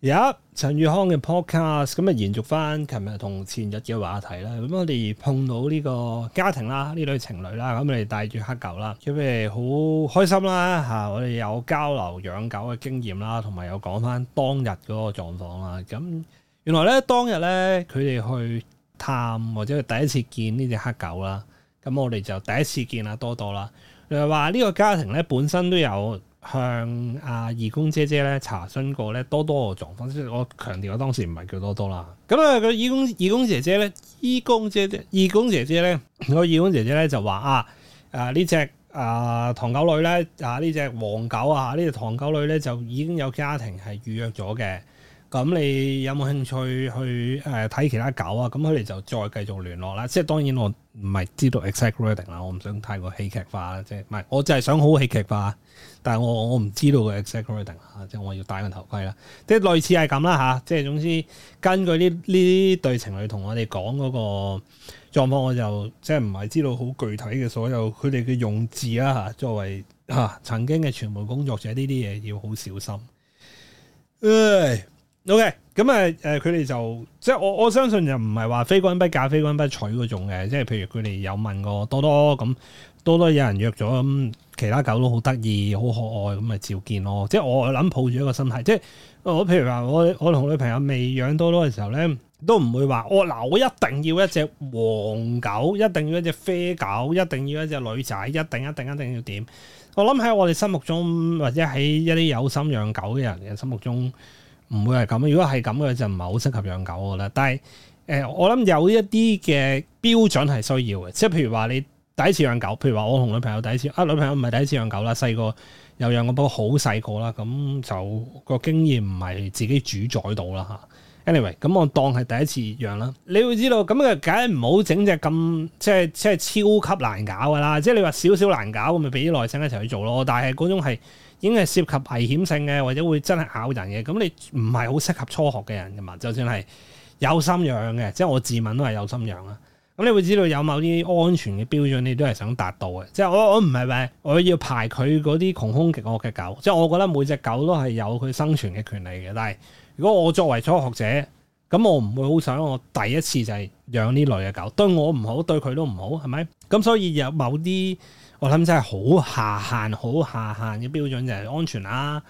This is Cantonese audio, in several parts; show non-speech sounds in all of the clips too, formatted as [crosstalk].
有、yep, 陳宇康嘅 podcast，咁啊，延續翻琴日同前日嘅話題啦。咁我哋碰到呢個家庭啦，呢對情侶啦，咁我哋帶住黑狗啦，因為好開心啦嚇！我哋有交流養狗嘅經驗啦，同埋有講翻當日嗰個狀況啦。咁原來咧當日咧佢哋去探或者佢第一次見呢隻黑狗啦。咁我哋就第一次見阿多多啦。你係話呢個家庭咧本身都有。向啊義工姐姐咧查詢過咧多多嘅狀況，即係我強調我當時唔係叫多多啦。咁啊個義工義工姐姐咧，義工姐姐呢 [laughs] 義工姐姐咧，個義工姐姐咧就話啊啊呢隻啊唐狗女咧啊呢隻黃狗啊呢隻唐狗女咧就已經有家庭係預約咗嘅。咁你有冇興趣去睇、呃、其他狗啊？咁佢哋就再繼續聯絡啦。即係當然我唔係知道 exact wording 啦，我唔想太過戲劇化啦。即係唔係？我就係想好好戲劇化，但係我我唔知道個 exact wording 啊。即係我要戴個頭盔啦。即係類似係咁啦嚇。即係總之，根據呢呢啲對情侶同我哋講嗰個狀況，我就即係唔係知道好具體嘅所有佢哋嘅用字啦嚇。作為、啊、曾經嘅傳媒工作者，呢啲嘢要好小心。唉。O.K. 咁誒，呃、佢哋就即係我我相信就唔係話非君不嫁，非君不娶嗰種嘅，即係譬如佢哋有問過多多咁，多多有人約咗咁，其他狗都好得意、好可愛咁咪照見咯。即係我諗抱住一個心態，即係我譬如話我我同女朋友未養多多嘅時候咧，都唔會話哦嗱我一定要一隻黃狗，一定要一隻啡狗，一定要一隻女仔，一定一定一定要點。我諗喺我哋心目中，或者喺一啲有心養狗嘅人嘅心目中，唔會係咁，如果係咁嘅就唔係好適合養狗嘅啦。但係誒、呃，我諗有一啲嘅標準係需要嘅，即係譬如話你第一次養狗，譬如話我同女朋友第一次啊，女朋友唔係第一次養狗啦，細個又養過，不過好細個啦，咁就個經驗唔係自己主宰到啦嚇。Anyway，咁我當係第一次養啦。你會知道咁嘅梗係唔好整隻咁即係即係超級難搞嘅啦。即係你話少少難搞，咁咪俾啲耐心一齊去做咯。但係嗰種係。已經係涉及危險性嘅，或者會真係咬人嘅，咁你唔係好適合初學嘅人嘅嘛？就算係有心養嘅，即係我自問都係有心養啦。咁你會知道有某啲安全嘅標準，你都係想達到嘅。即係我我唔係咪？我要排佢嗰啲窮凶極惡嘅狗。即係我覺得每隻狗都係有佢生存嘅權利嘅。但係如果我作為初學者，咁我唔會好想我第一次就係養呢類嘅狗，對我唔好，對佢都唔好，係咪？咁所以有某啲。我諗真係好下限，好下限嘅標準就係安全啦、啊。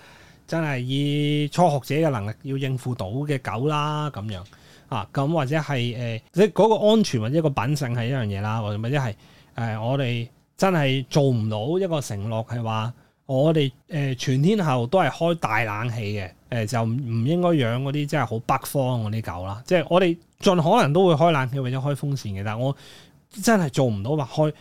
真係以初學者嘅能力要應付到嘅狗啦，咁樣啊。咁、啊、或者係即係嗰個安全或者個品性係一樣嘢啦，或者係、呃、我哋真係做唔到一個承諾係話，我、呃、哋全天候都係開大冷氣嘅、呃。就唔應該養嗰啲真係好北方嗰啲狗啦。即、就、係、係、我哋盡可能都會開冷氣或者開風扇嘅，但我真係做唔到話開。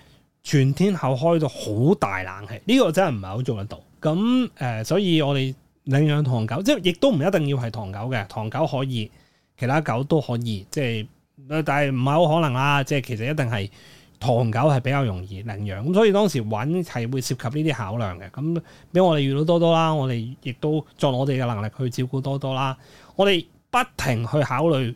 全天候開到好大冷氣，呢個真係唔係好做得到。咁、呃、所以我哋領養唐狗，即係亦都唔一定要係唐狗嘅，唐狗可以，其他狗都可以。即但係唔係好可能啦。即係其實一定係唐狗係比較容易領養。咁所以當時揾係會涉及呢啲考量嘅。咁俾我哋遇到多多啦，我哋亦都盡我哋嘅能力去照顧多多啦。我哋不停去考慮。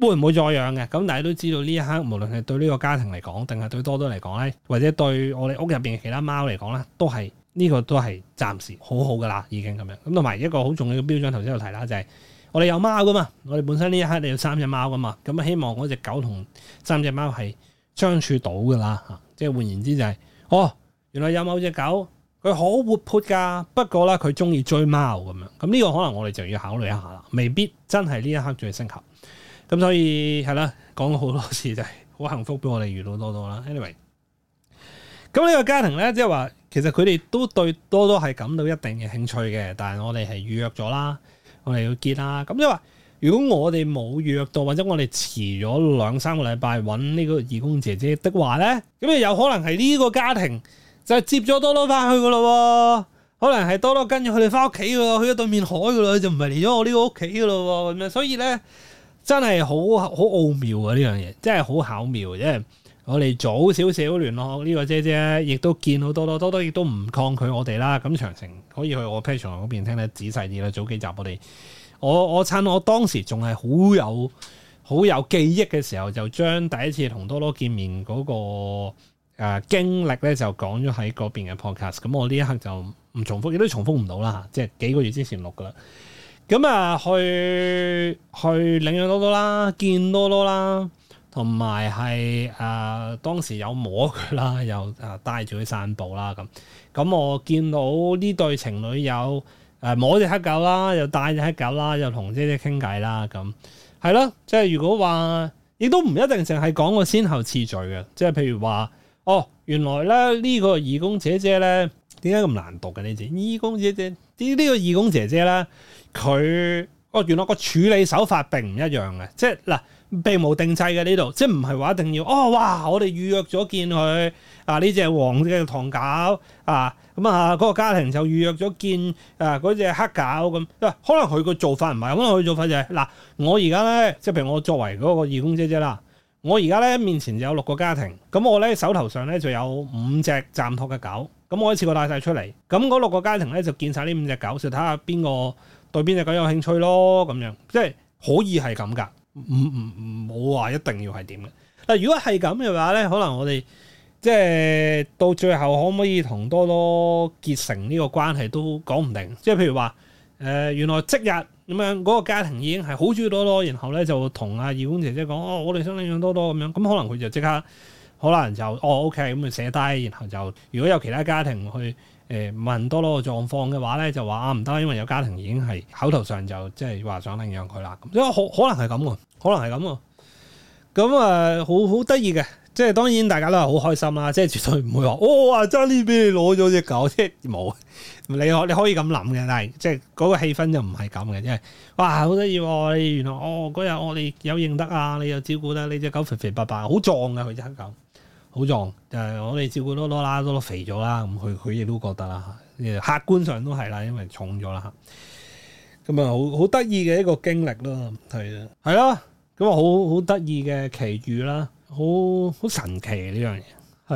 會唔會再養嘅？咁大家都知道呢一刻，無論係對呢個家庭嚟講，定係對多多嚟講呢，或者對我哋屋入邊其他貓嚟講呢，都係呢、呢個都係暫時好好噶啦，已經咁樣。咁同埋一個好重要嘅標準，頭先有提啦，就係、是、我哋有貓噶嘛，我哋本身呢一刻有三隻貓噶嘛，咁希望嗰隻狗同三隻貓係相處到噶啦吓。即係換言之就係，哦，原來有某隻狗，佢好活潑噶，不過啦佢中意追貓咁樣，咁呢個可能我哋就要考慮一下啦，未必真係呢一刻最適合。咁所以係啦，講咗好多次就係、是、好幸福，俾我哋遇到多多啦。Anyway，咁呢個家庭咧，即係話，其實佢哋都對多多係感到一定嘅興趣嘅。但係我哋係預約咗啦，我哋要見啦。咁即係話，如果我哋冇預約到，或者我哋遲咗兩三個禮拜揾呢個義工姐姐的話咧，咁又有可能係呢個家庭就接咗多多翻去噶咯。可能係多多跟住佢哋翻屋企噶咯，去咗對面海噶咯，就唔係嚟咗我呢個屋企噶咯。咁樣，所以咧。真係好好奧妙啊！呢樣嘢真係好巧妙，即係我哋早少少聯絡呢個姐姐，亦都見好多多多，多，亦都唔抗拒我哋啦。咁詳情可以去我 Patreon 嗰邊聽得仔細啲啦。早幾集我哋，我我趁我當時仲係好有好有記憶嘅時候，就將第一次同多多見面嗰、那個、呃、經歷咧，就講咗喺嗰邊嘅 podcast。咁我呢一刻就唔重複，亦都重複唔到啦。即係幾個月之前錄噶啦。咁啊，去去領養多多啦，見多多啦，同埋係誒，當時有摸佢啦，又誒帶住佢散步啦，咁咁我見到呢對情侶有誒摸隻黑狗啦，又帶隻黑狗啦，又同姐姐傾偈啦，咁係咯，即係如果話，亦都唔一定淨係講個先後次序嘅，即係譬如話哦。原來咧呢、呢個義工姐姐咧，點解咁難讀嘅呢隻義工姐姐？呢、呢、呢個義工姐姐咧，佢哦，原來個處理手法並唔一樣嘅，即係嗱，啊、並無定制嘅呢度，即係唔係話一定要哦哇，我哋預約咗見佢啊呢隻黃嘅糖餃啊咁啊，嗰、啊啊嗰個家庭就預約咗見啊嗰隻黑餃咁、啊，可能佢個做法唔係，可能佢做法就係、係、嗱、啊，我而家咧即係譬如我作為嗰個義工姐姐啦。我而家咧面前有六個家庭，咁我咧手頭上咧就有五隻暫託嘅狗，咁我一次過帶晒出嚟，咁嗰六個家庭咧就見晒呢五隻狗，就睇下邊個對邊隻狗有興趣咯，咁樣即係可以係咁噶，唔唔唔冇話一定要係點嘅。但如果係咁嘅話咧，可能我哋即係到最後可唔可以同多多結成呢個關係都講唔定，即係譬如話，呃，原來即日。咁樣嗰個家庭已經係好中意多多，然後咧就同阿義工姐姐講：哦，我哋想領養多多咁樣。咁可能佢就即刻，可能就哦 OK，咁就寫低。然後就如果有其他家庭去誒、呃、問多多嘅狀況嘅話咧，就話啊唔得，因為有家庭已經係口頭上就即係話想領養佢啦。咁因為可能係咁喎，可能係咁喎，咁啊，好好得意嘅。即係當然大家都係好開心啦，即係絕對唔會話，哇、哦啊！真呢俾你攞咗隻狗，即係冇。你可以咁諗嘅，但係即係嗰個氣氛就唔係咁嘅，即係哇，好、哦、得意！你原來哦，嗰日我哋有認得啊，你又照顧得你隻狗肥肥白白，好壯嘅佢隻狗，好壯。就係、是、我哋照顧多啦多啦，多多多肥咗啦，咁佢佢亦都覺得啦，客觀上都係啦，因為重咗啦吓。咁啊，好好得意嘅一個經歷咯，係啊，係咯。咁啊，好好得意嘅奇遇啦。好好神奇呢樣嘢，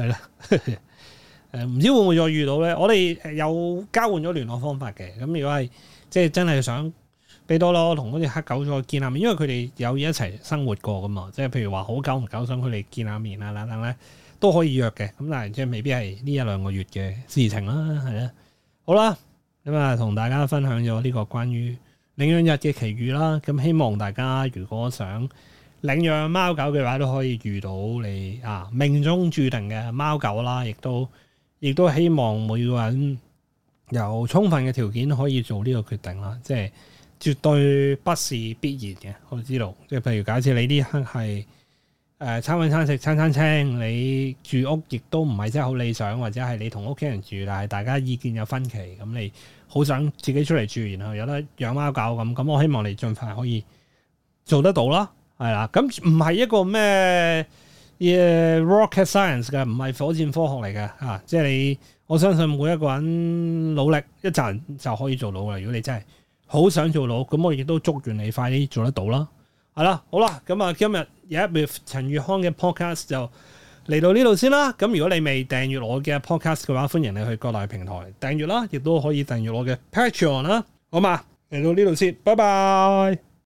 係啦，誒，唔知道會唔會再遇到咧？我哋有交換咗聯絡方法嘅，咁如果係即係真係想彼多羅同嗰隻黑狗再見下面，因為佢哋有一齊生活過噶嘛，即係譬如話好久唔久想佢哋見下面啦，等等咧都可以約嘅，咁但係即係未必係呢一兩個月嘅事情啦，係啦，好啦，咁啊同大家分享咗呢個關於領養日嘅奇遇啦，咁希望大家如果想。領養貓狗嘅話，都可以遇到你啊命中注定嘅貓狗啦，亦都亦都希望每個人有充分嘅條件可以做呢個決定啦。即係絕對不是必然嘅，我知道。即係譬如假設你呢刻係、呃、餐揾餐食，餐餐清，你住屋亦都唔係真係好理想，或者係你同屋企人住，但係大家意見有分歧，咁你好想自己出嚟住，然後有得養貓狗咁。咁我希望你儘快可以做得到啦。係啦，咁唔係一個咩嘢 rocket science 嘅，唔係火箭科學嚟嘅吓。即係你，我相信每一個人努力一陣就可以做到嘅。如果你真係好想做到，咁我亦都祝願你快啲做得到啦。係啦，好啦，咁、嗯、啊，今日、yeah, with 陳月康嘅 podcast 就嚟到呢度先啦。咁如果你未訂閱我嘅 podcast 嘅話，歡迎你去各大平台訂閱啦，亦都可以訂閱我嘅 patreon 啦。好嘛，嚟到呢度先，拜拜。